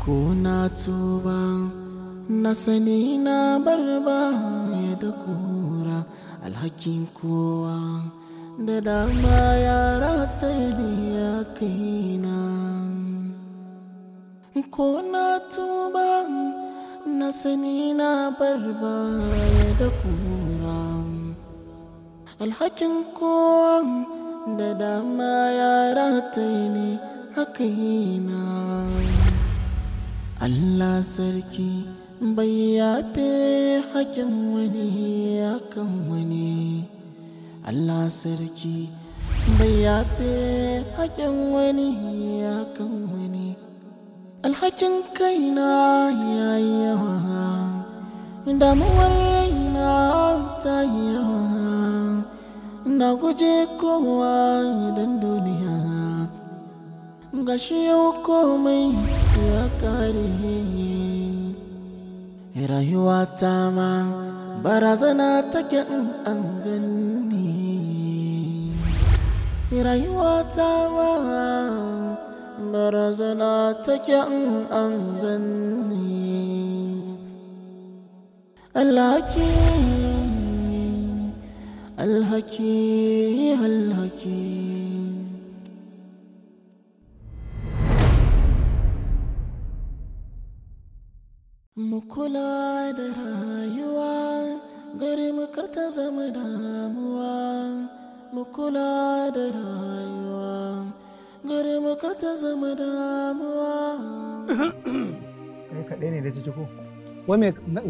ko na tuba na sani na barba ya da kura alhakin kowa da dama yara ta ya kaina ko na tuba na sani na barba ya da kura alhakin kowa da dama ya ta ne a kaina Allah sarki bai yafe hakin wani ya kan wani Allah sarki bai yafe hakin wani ya kan wani alhakin kaina ya yi yawa damuwar raina ta yi yawa na guje kowa idan duniya gashi yau komai ya kare rayuwa ta ma barazana take in an yi rayuwa ta ma barazana take in an ganni alhaki alhaki alhaki Mu kula da rayuwa gari kar ta zama damuwa. Mu kula da rayuwa gari kar ta zama damuwa. Kai kaɗai ne da ciciko.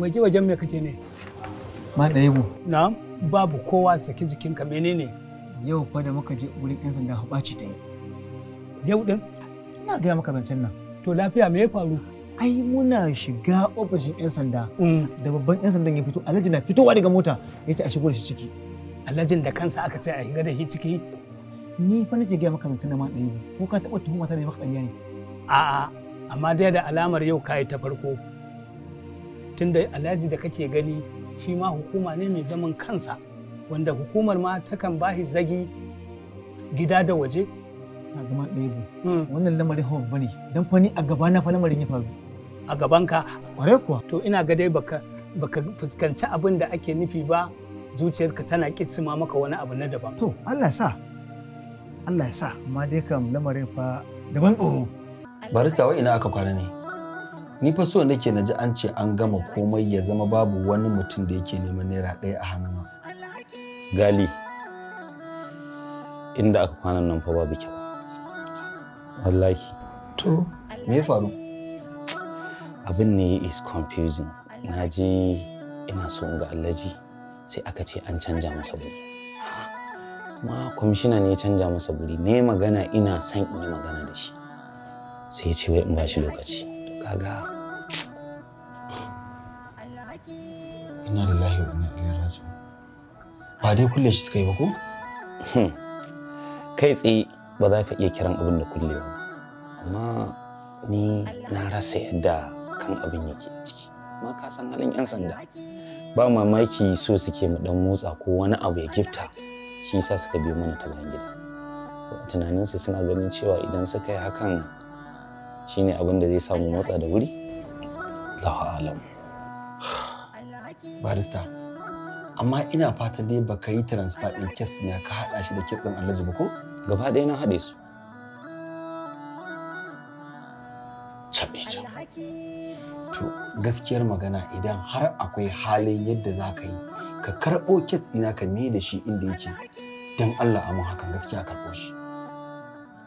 Waje wajen me kake ne? Ma ɗaya mu. Na babu kowa saki jikinka menene? Yau fa da muka je wurin 'yan sanda ɓaci ta yi. Yau ɗin? Ina gaya maka zancen nan. To lafiya me ya faru? ai muna shiga ofishin 'yan sanda mm. da babban 'yan sandan ya fito alhaji na fitowa daga mota ya ce a shigo da shi ciki alhajin da kansa aka ce a shiga da shi ciki ni fa nake gaya maka zanta na ma ɗaya ko ka taɓa tuhuma ta da maka ƙarya ne a'a amma dai da alamar yau kayi ta farko tunda alhaji da kake gani shi ma hukuma ne mai zaman kansa wanda hukumar ma takan ba zagi gida da waje na gama ɗaya mm. wannan lamarin hau bane don fa ni a gabana fa lamarin ya faru a gabanka ƙwarai kuwa to ina ga dai baka baka fuskanci abin da ake nufi ba zuciyarka tana kitsima maka wani abu na daban to Allah ya sa Allah ya sa amma dai kam lamarin fa daban tsoro barista wai ina aka kwana ne ni fa so nake na ji an ce an gama komai ya zama babu wani mutum da yake neman naira ɗaya a hannuna gali inda aka kwana nan fa babu kyau wallahi to me ya faru abin ne is confusing na ji ina so ga allaji sai aka ce an canja masa buri ma kwamishina ne ya canja masa buri ne magana ina son in yi magana da shi sai ya ce wai in ba shi lokaci to kaga ina da lahi wa ina ilin razu ba dai kulle shi suka yi ba ko hmm. kai tsaye ba za ka iya kiran abin da ba amma ni na rasa yadda kan abin yake ciki ma ka san halin yan sanda ba mamaki so suke mu dan motsa ko wani abu ya gifta shi yasa suka biyo mana ta bayan gida tunaninsu suna ganin cewa idan suka yi hakan shine abin da zai samu motsa da wuri Allahu alam barista amma ina fata dai baka yi transfer din kes ne ka hada shi da kes din Alhaji ba ko gaba ɗaya na haɗe su to gaskiyar magana idan har akwai halin yadda za ka yi ka karɓo kes ina, ka mai da shi inda yake don Allah amin hakan gaskiya karɓo shi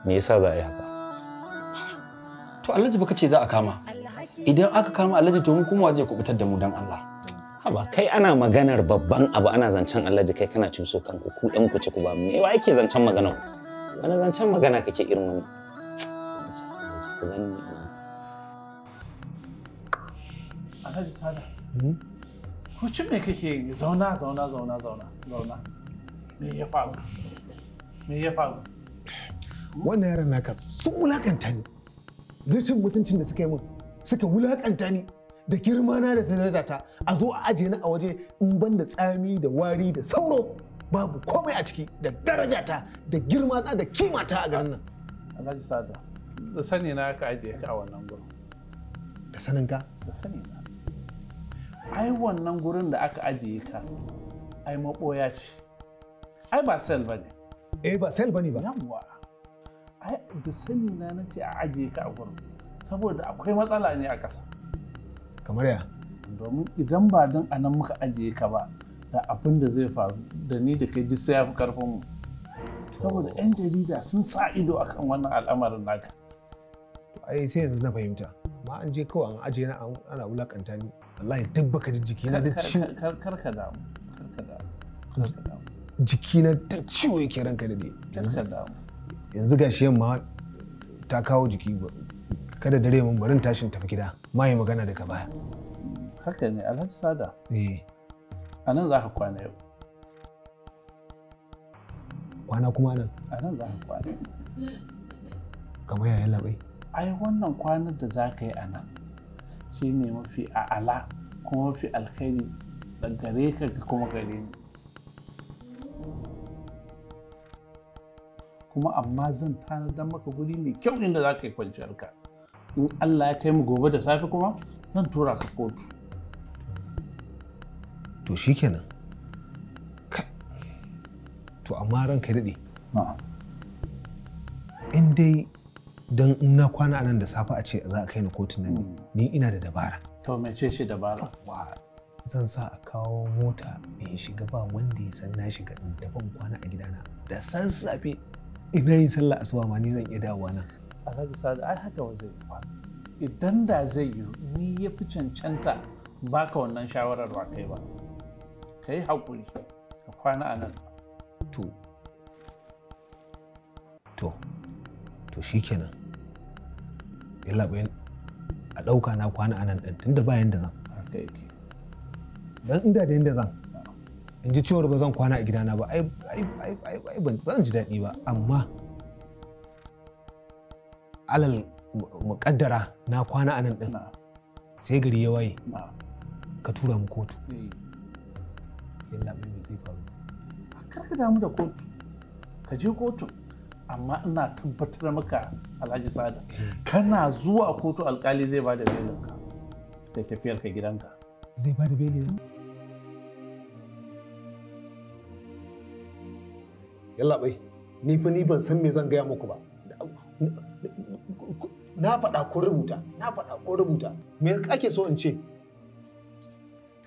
me yasa za a yi haka to alhaji baka ce za a kama idan aka kama alhaji to mun kuma zai kubutar da mu don Allah haba kai ana maganar babban abu ana zancen alhaji kai kana cuso kanku ku ɗan ku ci ku ba me wa yake zancen magana wani zancen magana kake irin wani Alhaji Sada. Hucin hmm? me kake yi? Zauna, zauna, zauna, zauna, zauna. Me ya faru? Me ya faru? Wannan yaran naka sun wulakanta ni. Rashin mutuncin da suka yi min suka wulakanta ni da girmana da darajata a zo a aje ni a waje in ban da tsami da wari da sauro babu komai a ciki da darajata da girma da kimata a garin nan. Alhaji Sada, da sani na ka ajiye ka a wannan gurin. Da sanin ka? Da sani na. ai wannan gurin da aka ajiye ka ai maɓoya ce ai ba sel ba ne eh ba sel ba ne ba yawwa ai da sani na na ce a ajiye ka a gurin saboda akwai matsala ne a ƙasa kamar ya domin idan ba don a nan muka ajiye ka ba da abin da zai faru da ni da kai duk sai yafi fi karfin mu saboda 'yan jarida sun sa ido akan wannan al'amarin naka ai sai yanzu na fahimta amma an je kawai an ajiye na ana wulakanta ni wallahi duk baka ji jiki na da ciwo kar ka damu kar ka damu ka jiki na da ciwo yake ranka da dai kar ka damu yanzu gashi yamma ta kawo jiki kada dare mun barin tashin tafi gida ma yi magana daga baya haka ne alhaji sada eh a nan za ka kwana yau kwana kuma nan a nan za ka kwana kamar yayin labai ai wannan kwanar da za ka yi a nan ne mafi a'ala kuma mafi alkhairi da gare ka kuma gare ni kuma amma zan tanadar maka guri mai kyau inda za ka yi kwanciyar ka in Allah ya kai mu gobe da safe kuma zan tura ka kotu to shikenan to amma ranka daɗe in dai don in na kwana a nan da safe a ce za a kai ni kotun nan ni ina da dabara to mai ce shi dabara zan sa a kawo mota in shiga ba wanda ya san na shiga in daban kwana a gidana da sassafe ina yin sallah asuba ma ni zan iya dawowa nan alhaji sadu ai haka ba zai yi idan da zai yi ni ya fi cancanta baka wannan shawarar ba kai ba ka yi haƙuri ka kwana a nan to to to kenan. yallaɓai a ɗauka na kwana a nan ɗin da ba yanda zan Don inda da yadda zan in ji cewar ba zan kwana a gidana ba ai ban ji daɗi ba amma alal muƙaddara na kwana a nan ɗin sai gari ya waye ka tura mu kotu eh. yallaɓai me zai faru kar ka damu da kotu ka je kotun amma ina tabbatar maka alhaji sada kana zuwa kotu alkali zai ba da belinka da tafiyar ka gidanka zai ba da belin yalla bai ni fa ni ban san me zan gaya muku ba na faɗa ko rubuta na faɗa ko rubuta me ake so in ce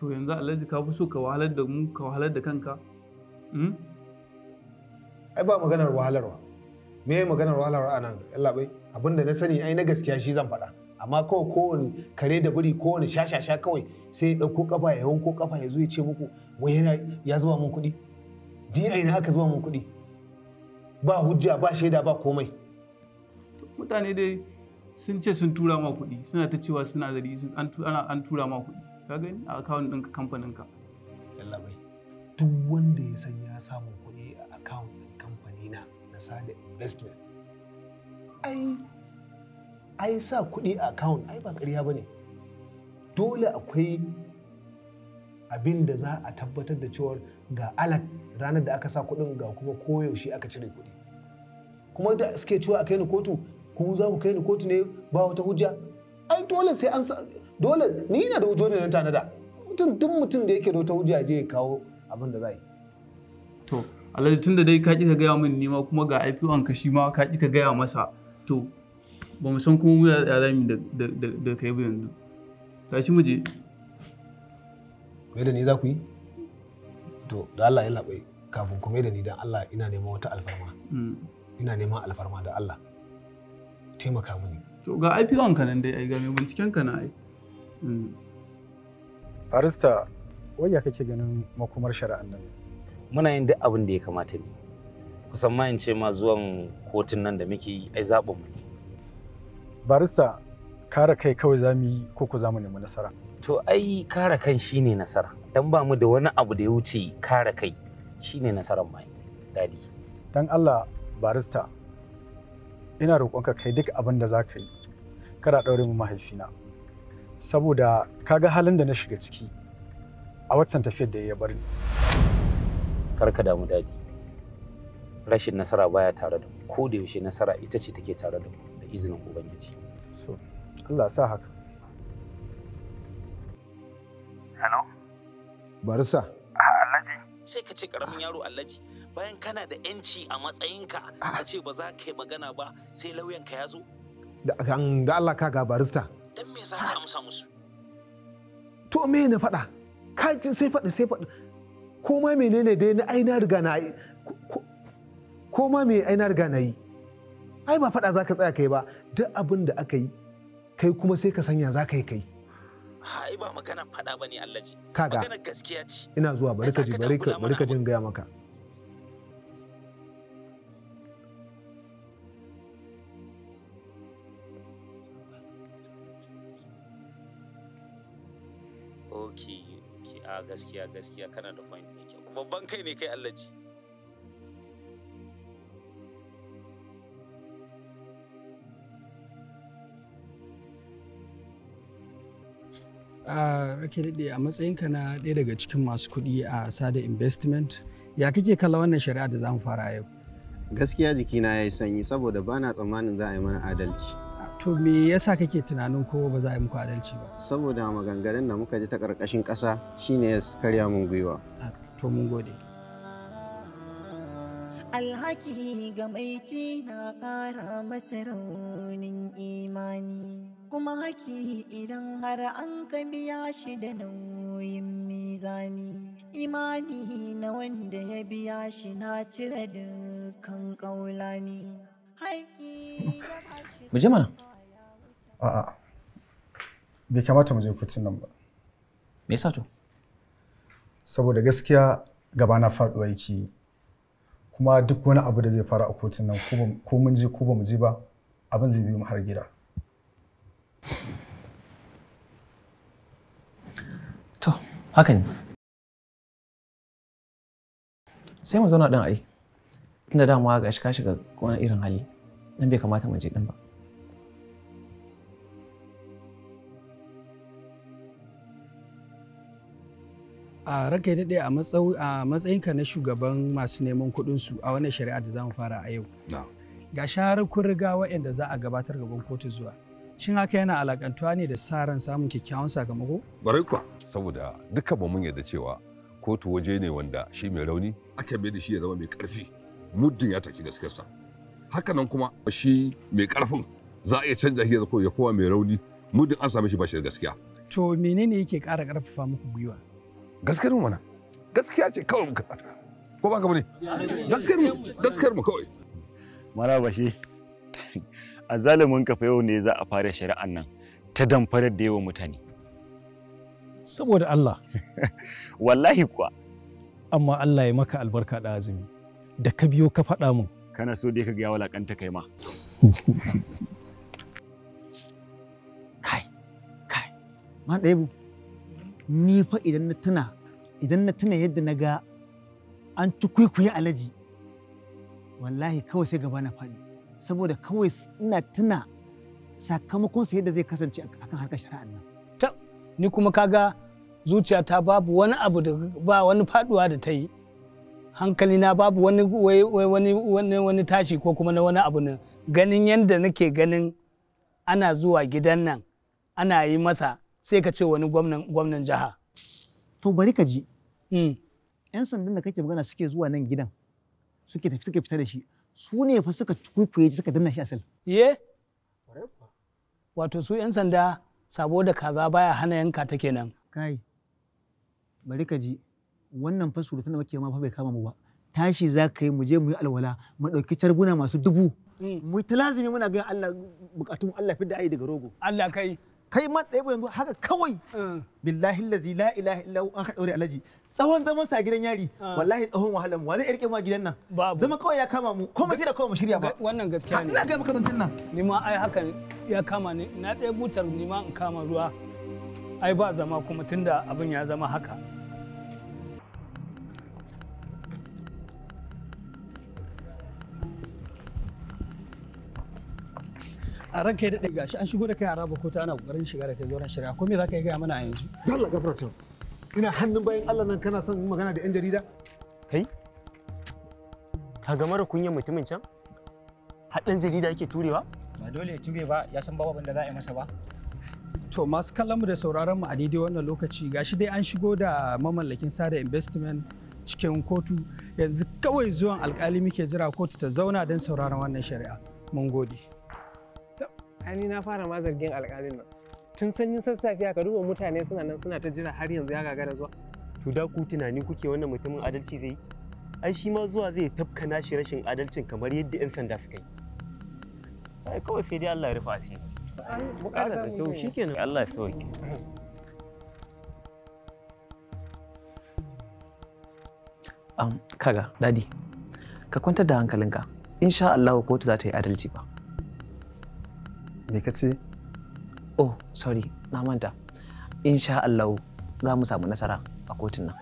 to yanzu alhaji ka fi so ka wahalar da mu ka wahalar da kanka hmm? ai ba maganar wahalarwa me ya maganar wahalar a nan yallaɓai abinda na sani ai na gaskiya shi zan faɗa amma kawai kowane kare da buri kowane shashasha kawai sai ya ɗauko kafa ya wanko kafa ya zo ya ce muku wai yana ya zuba mun kuɗi di ai na aka zuba mun kuɗi ba hujja ba shaida ba komai mutane dai sun ce sun tura ma kuɗi suna ta cewa suna zari an tura ma kuɗi ka gani a akawun ɗinka kamfaninka yallaɓai duk wanda ya san ya samu kuɗi a akawun sale investment ai ai sa kuɗi a account ai ba ƙarya ba ne dole akwai abin da za a tabbatar da cewar ga alat ranar da aka sa kuɗin ga kuma koyaushe aka cire kuɗi kuma da suke cewa a kai ni kotu ku za ku kai ni kotu ne ba wata hujja ai dole sai an dole ni na da hujjoji nan tanada mutum duk mutum da yake da wata hujja je ya kawo abin da za yi to alhaji da dai ka ki ka gaya min nima kuma ga ip ka shi ma ka ki ka gaya masa to ba mu san kuma mu ya za mu da kai bu yanzu ta mu je me da ni za ku yi to da Allah ya labai kafin kuma me da ni dan Allah ina neman wata alfarma hmm. ina neman alfarma da Allah taimaka mini to ga IPON ka nan dai ai ga mai binciken ka na ai hmm. barista wayya kake ganin makomar shari'an nan muna yin duk abin da ya kamata ne kusan ma in ce ma zuwan kotun nan da muke yi ai zaɓin mu barista kare kai kawai za mu yi ko ku za mu nemi nasara to ai kare kan shine nasara dan ba mu da wani abu da ya wuce kare kai shine nasarar mai dadi dan Allah barista ina roƙonka kai duk abin da za ka yi kada ɗaurin mu mahaifina saboda kaga halin da na shiga ciki a watan tafiyar da ya bar ni karka damu daji rashin nasara baya tare da mu ko da yaushe nasara ita ce take tare da mu da izinin ubangiji so Allah sa haka hello barsa ah, alhaji sai ka ce karamin yaro alhaji bayan kana da yanci a matsayinka ka ce ba za ka yi magana ba sai lauyan ka ya zo da Allah ka ga barista dan me za ka amsa musu to me na faɗa kai sai faɗa sai faɗa Koma menene dai na aina riga na yi koma me aina riga na yi ai ba faɗa za ka tsaya kai ba duk abin da aka yi kai kuma sai ka sanya za ka yi kai ai ba magana fada ba ne Allah ji kaga magana gaskiya ce ina zuwa bari ka ji bari ka jin gaya maka gaskiya gaskiya kana da point mai kyau babban kai ne kai Allah ci rake daɗe a matsayin ka na ɗaya daga cikin masu kuɗi a sada investment ya kake kalla wannan shari'a da za mu fara yau gaskiya jikina ya yi sanyi saboda bana tsammanin za a yi mana adalci to me yasa kake tunanin ko ba za a yi muku adalci ba saboda maganganun da muka ji ta ƙarƙashin ƙasa shine ya karya mun gwiwa to mun gode alhaki ga mai ci na ƙara masa raunin imani kuma haki idan har an ka biya shi da nauyin mizani imani na wanda ya biya shi na cire dukkan ƙaulani haki mu je A'a. Bai kamata mu je kotun nan ba. Me yasa to? Saboda gaskiya gaba na faduwa yake kuma duk wani abu da zai faru a kotun nan ko mun je ko ba mu je ba abin zai bi mu har gida. To, haka ne. Sai mu zauna ɗin ai. Tunda dama ga shi ka shiga wani irin hali. Dan bai kamata mu je ɗin ba. a ranka daɗe a matsayinka na shugaban masu neman kuɗinsu a wannan shari'a da za mu fara a yau ga shaharar kun riga waɗanda za a gabatar gaban kotu zuwa shin haka yana alakantuwa ne da sa samun kyakkyawan sakamako Bari kuwa saboda dukkan ba mun yarda cewa kotu waje ne wanda shi mai rauni aka mai da shi ya zama mai karfi muddin ya taki gaskiyarsa haka nan kuma shi mai karfin za a iya canza shi ya kowa mai rauni muddin an same shi ba shi da gaskiya to menene yake ƙara ƙarfafa muku gwiwa gaskiyar mu mana gaskiya ce kawai muka fata ko ba ka bane gaskiyar mu gaskiyar mu kawai Mara bashi, a zalimin kafa yau ne za a fara shari'an nan ta damfarar da yawan mutane saboda Allah wallahi kuwa amma Allah ya maka albarka da azumi da ka biyo ka faɗa mun kana so dai ka ga walakanta kai ma kai kai ma ɗaya ni fa idan na tuna idan na tuna yadda na ga an ci kwaikwayi alaji wallahi kawai sai gaba na faɗi saboda kawai ina tuna sakamakon sa yadda zai kasance akan harkar shari'ar nan ni kuma kaga zuciya ta babu wani abu da ba wani faduwa da ta yi hankali na babu wani wani wani tashi ko kuma na wani abu ne ganin yadda nake ganin ana zuwa gidan nan ana yi masa sai ka ce wani gwamnan jiha to bari ka ji hmm. yan sandan da kake magana suke zuwa nan gidan suke tafi suke fita da shi su ne fa suka kwaikwaye suka danna shi asali ye wato su yan sanda sabo da kaza baya hana yanka ta nan. kai bari ka ji wannan fa da muke ma fa bai kama mu ba tashi za ka yi mu je mu yi alwala mu ɗauki carbuna masu dubu hmm. mu ta lazimi muna ganin Allah bukatun Allah fi da ayi daga rogo Allah kai kai ma ɗaya yanzu haka kawai eh. billahi lazi la ilaha illa an ka daure alaji tsawon zaman sa gidan yari eh. wallahi tsawon wahala. mu wani irke ma gidan nan zama kawai ya kama mu ko sai da kawai mu shirya ba wannan gaskiya ne ina ga maka zancin nan ni ma ai hakan ya kama ni na ɗaya butar ni ma in kama ruwa ai ba zama kuma tunda abin ya zama haka a ranka ya daɗe gashi an shigo da kai a raba ta ana ƙoƙarin shiga da kai zuwa shari'a ko me za ka yi gaya mana a yanzu zalla gafarta ina hannun bayan Allah nan kana son magana da 'yan jarida kai ka ga mara kunyan mutumin can haɗin jarida yake turewa ba dole ya ture ba ya san babu da za a yi masa ba to masu kallonmu da sauraron mu a daidai wannan lokaci gashi dai an shigo da mamallakin sada investment cikin kotu yanzu kawai zuwan alkali muke jira kotu ta zauna don sauraron wannan shari'a mun gode ni na fara ma zargin alƙalin nan tun sanyin sassafiya ka duba mutane suna nan suna ta jira har yanzu ya da zuwa to da ku tunani kuke wannan mutumin adalci zai yi ai shi ma zuwa zai tafka nashi rashin adalcin kamar yadda 'yan sanda suka yi ai kawai sai dai Allah ya rufa asiri bukatar da kyau shikenan Allah ya sauke kaga dadi ka kwantar da hankalinka insha Allah kotu za ta yi adalci ba me ka ce oh sorry na manta insha Allah za mu samu nasara a kotun nan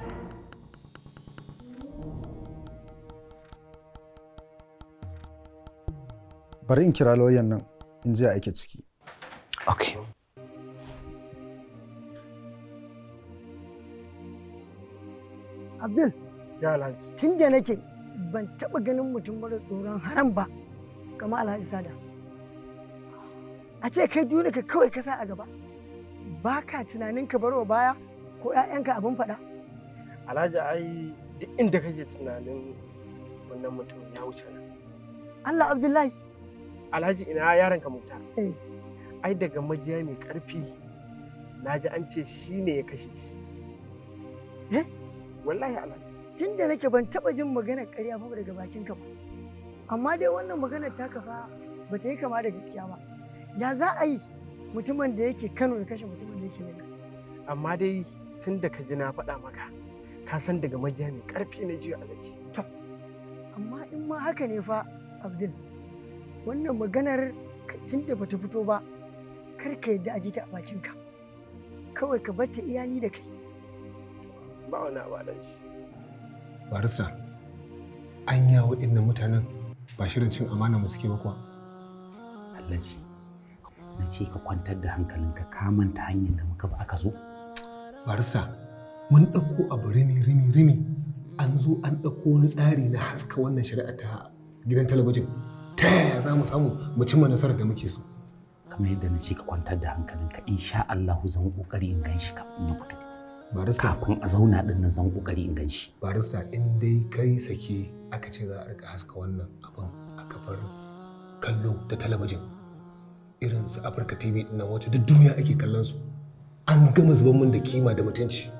bari in kira lauyan nan in je aike ciki ok. Abdul, tun da nake ban taɓa ganin mutum mara tsoron haram ba, kama Alhaji Sada. a ce kai duniya ka kawai ka sa a gaba ba ka tunanin ka baro baya ko 'ya'yanka abin faɗa alhaji ai duk inda kake tunanin wannan mutum ya wuce nan Allah Abdullahi alhaji ina yaron ka mutar eh. ai daga majiya mai karfi na ji an ce shi ne ya kashe shi eh wallahi alhaji tun da nake ban taba jin magana ƙarya ba daga bakin ka ba amma dai wannan magana ta kafa ba ta yi kama da gaskiya ba ya za a yi mutumin da yake kano ya kashe mutumin da yake lagos amma dai tun da ka ji na faɗa maka ka san daga majiya mai ƙarfi na jiya alaji to amma in ma haka ne fa abdul wannan maganar tun da bata fito ba kar ka yadda a ji ta a bakinka kawai ka bar ta iyali da kai ba wani abu shi barista an yawo inda mutanen ba shirin cin amana mu suke ba kuwa na ce ka kwantar da hankalin ka manta hanyar da muka ba aka zo barsa mun ɗauko abu rimi rimi rimi an zo an ɗauko wani tsari na haska wannan shari'a ta gidan talabijin ta yaya za mu samu mu cimma nasarar da muke so kamar yadda na ce ka kwantar da hankalinka insha Allah zan kokari in ganshi kafin ya fito barista kafin a zauna din nan zan kokari in ganshi barista in dai kai sake aka ce za a rika haska wannan abin a kafar kallo ta talabijin irin su Afirka TV na wata wacce duk duniya ake kallon su an gama zuban mun da kima da mutunci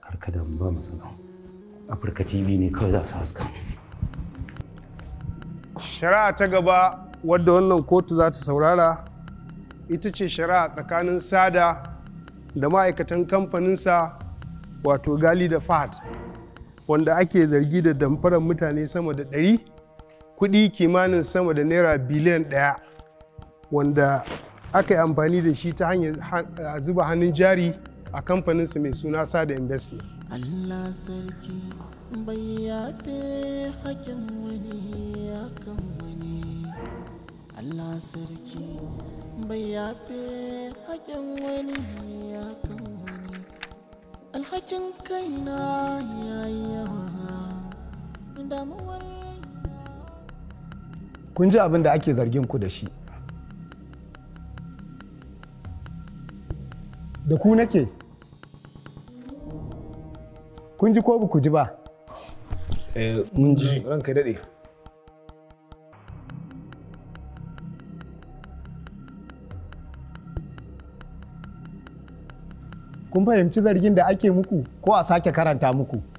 karka da ba matsala Afirka TV ne kawai za su haska shari'a ta gaba wadda wannan kotu za ta saurara ita ce shari'a tsakanin sada da ma'aikatan kamfaninsa wato gali da fat wanda ake zargi da damfarar mutane sama da ɗari kuɗi kimanin sama da naira biliyan ɗaya wanda aka yi amfani da shi ta hanyar zuba hannun jari a kamfaninsa mai suna sada investment Allah sarki bai wani ya kan wani alhakin kaina ya yawa kun ji abin da ake zargin ku da shi da ku nake kun ji ko ku ji ba eh, mun ji ranka daɗe kun fahimci zargin da ake muku ko a sake karanta muku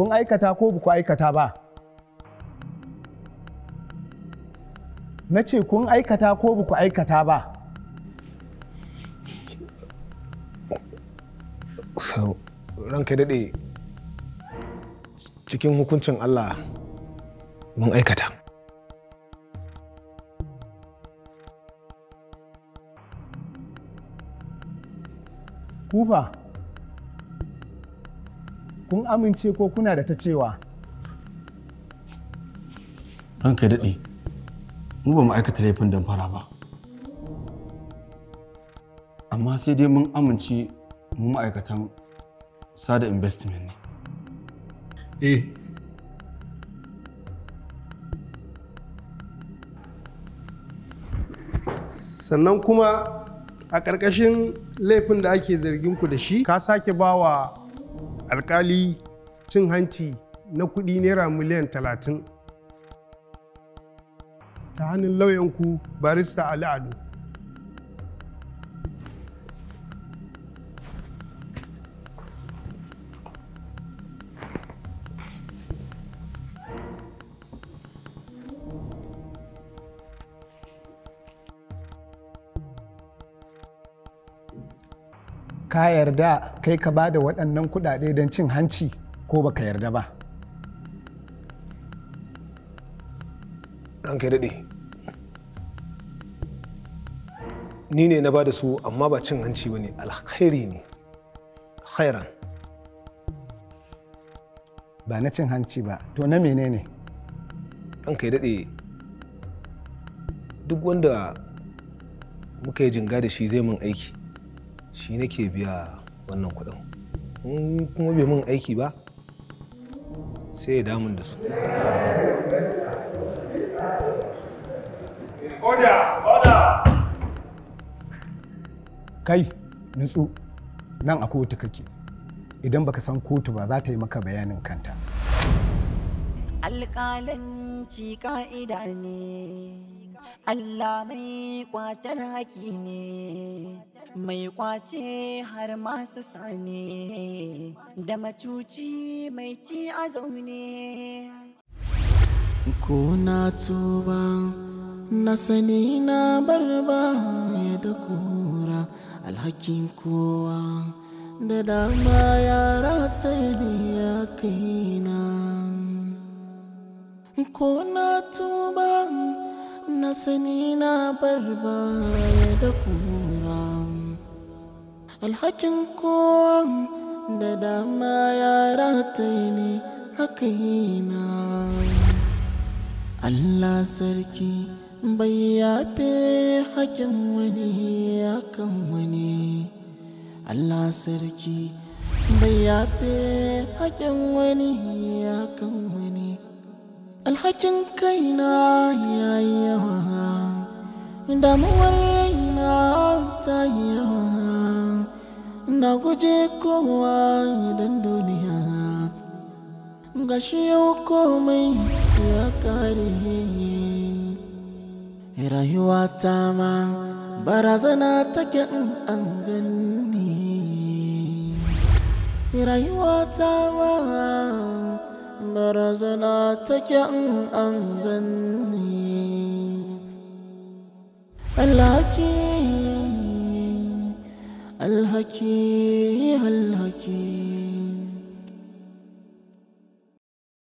kun aikata ko ba ku aikata ba na ce kun aikata ko ba ku aikata ba ranka daɗe cikin hukuncin Allah mun aikata kufa kun amince ko kuna da ta cewa ranka daɗe mu ba mu aikata laifin damfara ba amma sai dai mun amince mu ma'aikatan sada investment ne eh sannan kuma a ƙarƙashin laifin da ake zargin ku da shi ka sake bawa alkali cin hanci na kuɗi naira miliyan talatin ta hannun lauyanku barista ali ado ka yarda kai ka ba da waɗannan kuɗaɗe don cin hanci ko ba ka yarda ba ranka daɗe ni ne na ba da su amma ba cin hanci ba ne alkhairi ne khairan ba na cin hanci ba to na menene ranka yi daɗe duk wanda muka yi jinga da shi zai mun aiki shi nake biya wannan kuɗin in kuma bai min aiki ba sai ya damun da su kai nutsu nan a kotu kake idan baka san kotu ba za ta yi maka bayanin kanta alƙalanci ka'ida ne Allah mai kwatar haƙi ne mai kwace har masu sani da macuci mai ci a zaune. Ko na tuba na sani na barba ya da kura alhakin kowa da dama yara ta ya kaina. Ko na tuba na sani na barba ya da kura alhakin kowa da dama ya ta ne haka yi na allah sarki bai yafe hakin wani akan wani allah sarki bai yafe hakin wani akan wani alhakin kaina ya yi yawa damuwar raina ta yi yawa na guje kowa idan duniya ga shi yau komai ya kare rayuwa ta ma barazana take in an gani rayuwa ta ma barazana take in an gani alaƙi alhaki alhaki